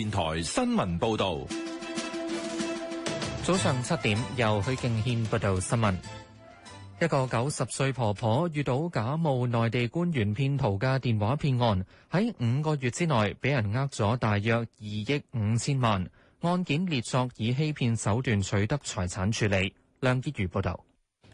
電台新聞報道：早上七點，由許敬軒報道新聞。一個九十歲婆婆遇到假冒內地官員騙徒嘅電話騙案，喺五個月之內俾人呃咗大約二億五千萬。案件列作以欺騙手段取得財產處理。梁潔如報道。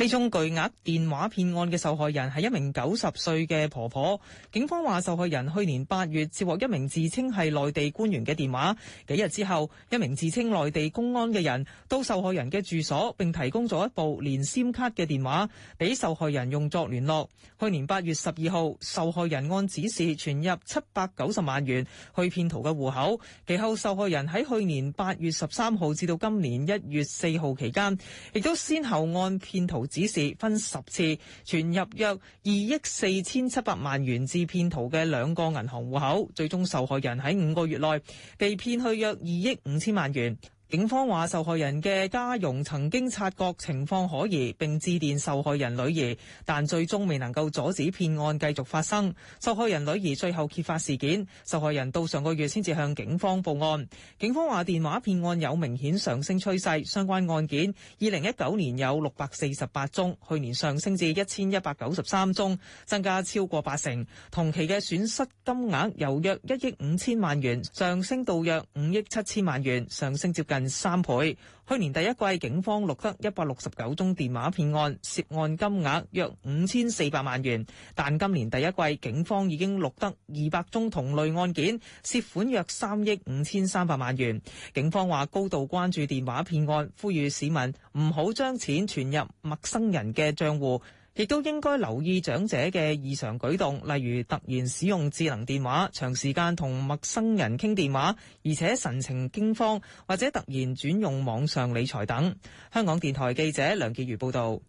呢宗巨額電話騙案嘅受害人係一名九十歲嘅婆婆。警方話，受害人去年八月接獲一名自稱係內地官員嘅電話，幾日之後，一名自稱內地公安嘅人到受害人嘅住所，並提供咗一部連線卡嘅電話俾受害人用作聯絡。去年八月十二號，受害人按指示存入七百九十萬元去騙徒嘅戶口。其後，受害人喺去年八月十三號至到今年一月四號期間，亦都先後按騙徒指示分十次存入約二億四千七百萬元至騙徒嘅兩個銀行戶口，最終受害人喺五個月內被騙去約二億五千萬元。警方話受害人嘅家傭曾經察覺情況可疑，並致電受害人女兒，但最終未能夠阻止騙案繼續發生。受害人女兒最後揭發事件，受害人到上個月先至向警方報案。警方話電話騙案有明顯上升趨勢，相關案件二零一九年有六百四十八宗，去年上升至一千一百九十三宗，增加超過八成。同期嘅損失金額由約一億五千萬元上升到約五億七千萬元，上升接近，近。三倍。去年第一季警方錄得一百六十九宗電話騙案，涉案金額約五千四百萬元。但今年第一季警方已經錄得二百宗同類案件，涉款約三億五千三百萬元。警方話高度關注電話騙案，呼籲市民唔好將錢存入陌生人嘅賬戶。亦都應該留意長者嘅異常舉動，例如突然使用智能電話、長時間同陌生人傾電話，而且神情驚慌，或者突然轉用網上理財等。香港電台記者梁健如報導，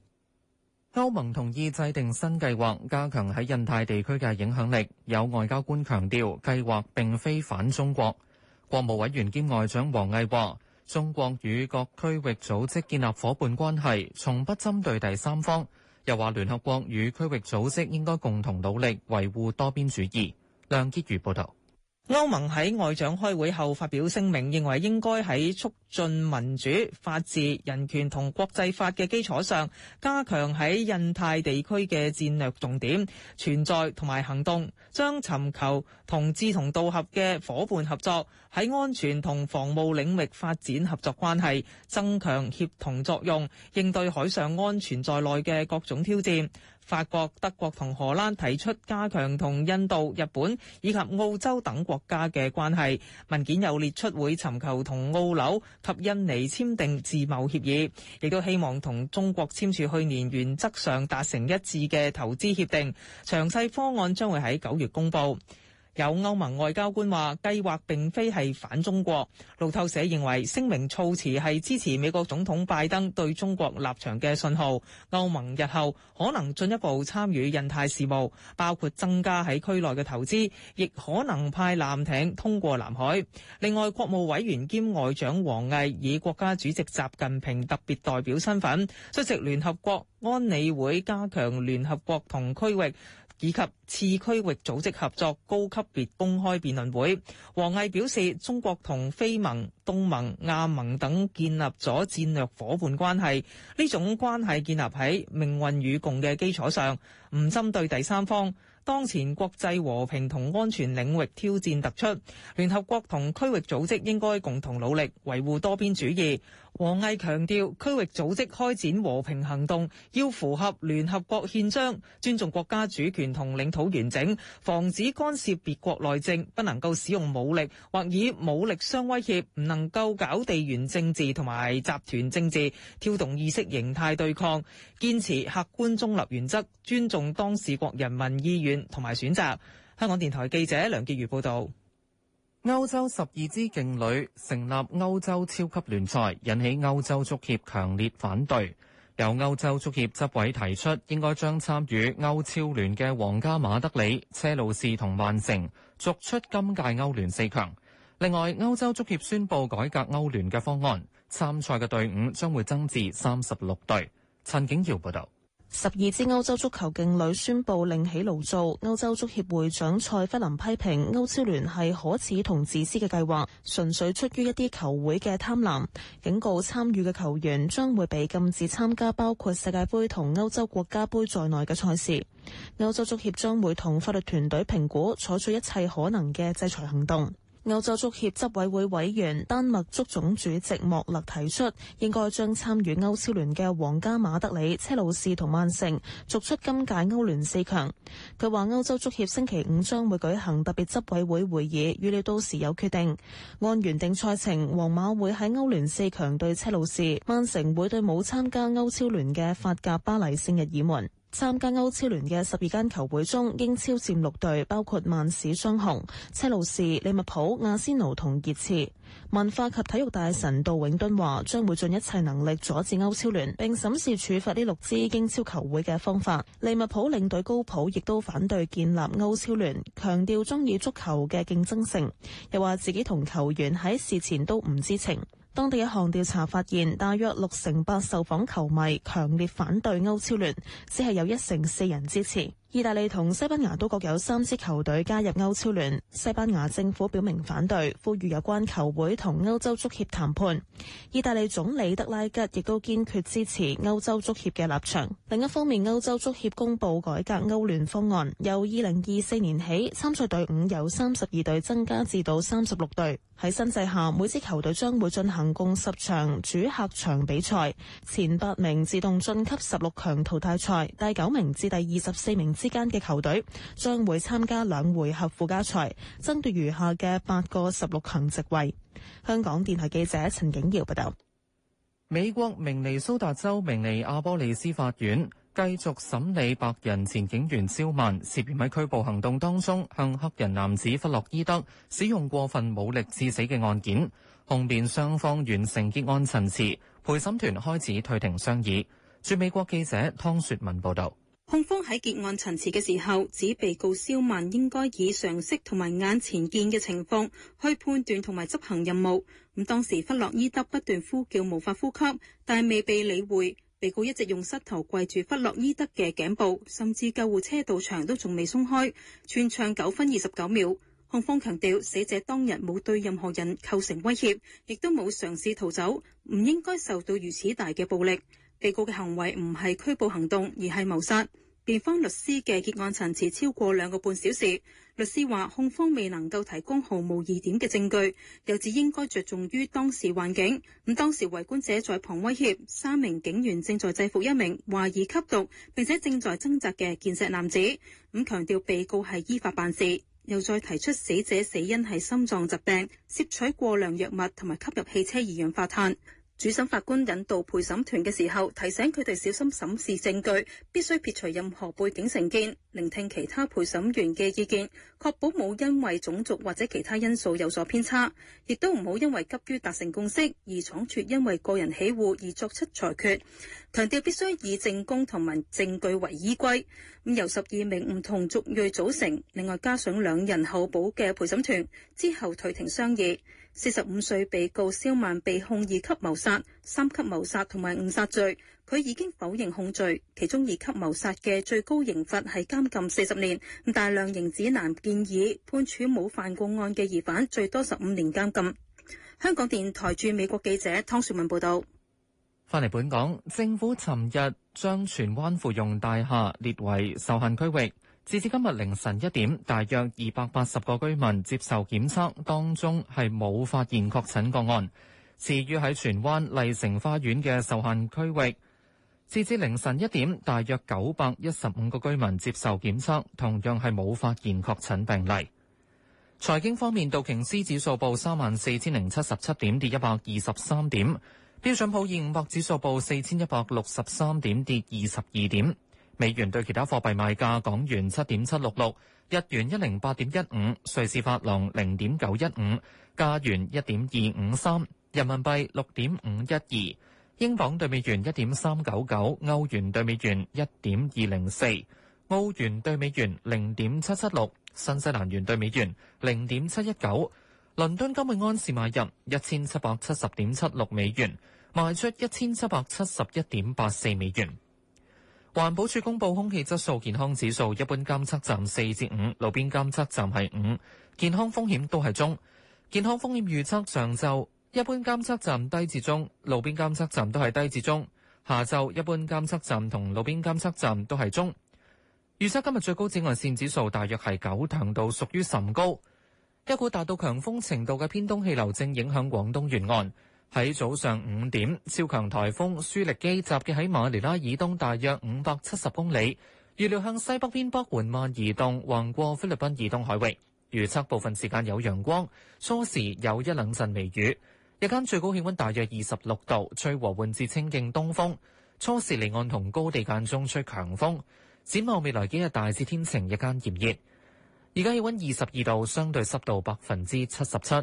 歐盟同意制定新計劃，加強喺印太地區嘅影響力。有外交官強調，計劃並非反中國。國務委員兼外長王毅話：中國與各區域組織建立伙伴關係，從不針對第三方。又話聯合國與區域組織應該共同努力維護多邊主義。梁潔如報道。歐盟喺外長開會後發表聲明，認為應該喺促進民主、法治、人權同國際法嘅基礎上，加強喺印太地區嘅戰略重點存在同埋行動，將尋求同志同道合嘅夥伴合作，喺安全同防務領域發展合作關係，增強協同作用，應對海上安全在內嘅各種挑戰。法國、德國同荷蘭提出加強同印度、日本以及澳洲等國家嘅關係。文件又列出會尋求同澳紐及印尼簽訂自貿協議，亦都希望同中國簽署去年原則上達成一致嘅投資協定。詳細方案將會喺九月公布。有歐盟外交官話：計劃並非係反中國。路透社認為聲明措辭係支持美國總統拜登對中國立場嘅信號。歐盟日後可能進一步參與印太事務，包括增加喺區內嘅投資，亦可能派艦艇通過南海。另外，國務委員兼外長王毅以國家主席習近平特別代表身份出席聯合國安理會，加強聯合國同區域以及次區域組織合作高級別公開辯論會。王毅表示，中國同非盟、東盟、亞盟等建立咗戰略伙伴關係，呢種關係建立喺命運與共嘅基礎上，唔針對第三方。當前國際和平同安全領域挑戰突出，聯合國同區域組織應該共同努力，維護多邊主義。王毅強調，區域組織開展和平行動要符合聯合國憲章，尊重國家主權同領土完整，防止干涉別國內政，不能夠使用武力或以武力相威脅，唔能夠搞地緣政治同埋集團政治，挑動意識形態對抗，堅持客觀中立原則，尊重當事國人民意願同埋選擇。香港電台記者梁潔如報道。歐洲十二支勁旅成立歐洲超級聯賽，引起歐洲足協強烈反對。由歐洲足協執委提出，應該將參與歐超聯嘅皇家馬德里、車路士同曼城逐出今屆歐聯四強。另外，歐洲足協宣布改革歐聯嘅方案，參賽嘅隊伍將會增至三十六隊。陳景堯報道。十二支歐洲足球勁旅宣布另起爐灶。歐洲足協會長蔡弗林批評歐超聯係可恥同自私嘅計劃，純粹出於一啲球會嘅貪婪，警告參與嘅球員將會被禁止參加包括世界盃同歐洲國家盃在內嘅賽事。歐洲足協將會同法律團隊評估，採取一切可能嘅制裁行動。歐洲足協執委會委員、丹麥足總主席莫勒提出，應該將參與歐超聯嘅皇家馬德里、車路士同曼城逐出今屆歐聯四強。佢話歐洲足協星期五將會舉行特別執委會會議，預料到時有決定。按原定賽程，皇馬會喺歐聯四強對車路士，曼城會對冇參加歐超聯嘅法甲巴黎聖日耳門。參加歐超聯嘅十二間球會中，英超佔六隊，包括曼市雙雄、車路士、利物浦、亞仙奴同熱刺。文化及體育大臣杜永敦話：將會盡一切能力阻止歐超聯，並審視處罰呢六支英超球會嘅方法。利物浦領隊高普亦都反對建立歐超聯，強調鍾意足球嘅競爭性，又話自己同球員喺事前都唔知情。當地一項調查發現，大約六成八受訪球迷強烈反對歐超聯，只係有一成四人支持。意大利同西班牙都各有三支球隊加入歐超聯，西班牙政府表明反對，呼籲有關球會同歐洲足協談判。意大利總理德拉吉亦都堅決支持歐洲足協嘅立場。另一方面，歐洲足協公佈改革歐聯方案，由二零二四年起，參賽隊伍由三十二隊增加至到三十六隊。喺新制下，每支球隊將會進行共十場主客場比賽，前八名自動晉級十六強淘汰賽，第九名至第二十四名之間嘅球隊將會參加兩回合附加賽，爭奪餘下嘅八個十六強席位。香港電台記者陳景瑤報道。美國明尼蘇達州明尼阿波利斯法院繼續審理白人前警員肖曼涉嫌喺拘捕行動當中向黑人男子弗洛伊德使用過分武力致死嘅案件，控辯雙方完成結案陳詞，陪審團開始退庭商議。駐美國記者湯雪文報道。控方喺結案陳詞嘅時候指被告肖曼應該以常識同埋眼前見嘅情況去判斷同埋執行任務。咁當時弗洛伊德不斷呼叫無法呼吸，但係未被理會。被告一直用膝頭跪住弗洛伊德嘅頸部，甚至救護車到場都仲未鬆開。全長九分二十九秒。控方強調，死者當日冇對任何人構成威脅，亦都冇嘗試逃走，唔應該受到如此大嘅暴力。被告嘅行為唔係拘捕行動，而係謀殺。辯方律師嘅結案陳詞超過兩個半小時。律師話控方未能夠提供毫無疑點嘅證據，又指應該着重於當時環境。咁當時圍觀者在旁威脅，三名警員正在制服一名懷疑吸毒並且正在掙扎嘅健碩男子。咁強調被告係依法辦事，又再提出死者死因係心臟疾病、攝取過量藥物同埋吸入汽車二氧化碳。主審法官引導陪審團嘅時候，提醒佢哋小心審視證據，必須撇除任何背景成見，聆聽其他陪審員嘅意見，確保冇因為種族或者其他因素有所偏差，亦都唔好因為急於達成共識而闖決，因為個人喜惡而作出裁決。強調必須以證供同埋證據為依歸。咁由十二名唔同族裔組成，另外加上兩人候補嘅陪審團，之後退庭商議。四十五歲被告蕭曼被控二級謀殺、三級謀殺同埋誤殺罪，佢已經否認控罪。其中二級謀殺嘅最高刑罰係監禁四十年。但量刑指南建議判處冇犯過案嘅疑犯最多十五年監禁。香港電台駐美國記者湯雪文報道。翻嚟本港，政府尋日將荃灣芙蓉大廈列為受限區域。截至今日凌晨一點，大約二百八十個居民接受檢測，當中係冇發現確診個案。至於喺荃灣麗城花園嘅受限區域，截至凌晨一點，大約九百一十五個居民接受檢測，同樣係冇發現確診病例。財經方面，道瓊斯指數報三萬四千零七十七點，跌一百二十三點；標準普爾五百指數報四千一百六十三點，跌二十二點。美元對其他貨幣賣價，港元七點七六六，日元一零八點一五，瑞士法郎零點九一五，加元一點二五三，人民幣六點五一二，英鎊對美元一點三九九，歐元對美元一點二零四，澳元對美元零點七七六，新西蘭元對美元零點七一九。倫敦金每安士買入一千七百七十點七六美元，賣出一千七百七十一點八四美元。環保署公布空氣質素健康指數，一般監測站四至五，路邊監測站係五，健康風險都係中。健康風險預測上晝一般監測站低至中，路邊監測站都係低至中；下晝一般監測站同路邊監測站都係中。預測今日最高紫外線指數大約係九，強度屬於甚高。一股達到強風程度嘅偏東氣流正影響廣東沿岸。喺早上五點，超強颱風舒力基集結喺馬尼拉以東大約五百七十公里，預料向西北偏北緩慢移動，橫過菲律賓以東海域。預測部分時間有陽光，初時有一兩陣微雨。日間最高氣温大約二十六度，吹和緩至清勁東風。初時離岸同高地間中吹強風。展望未來幾日大致天晴，日間炎熱。而家氣温二十二度，相對濕度百分之七十七。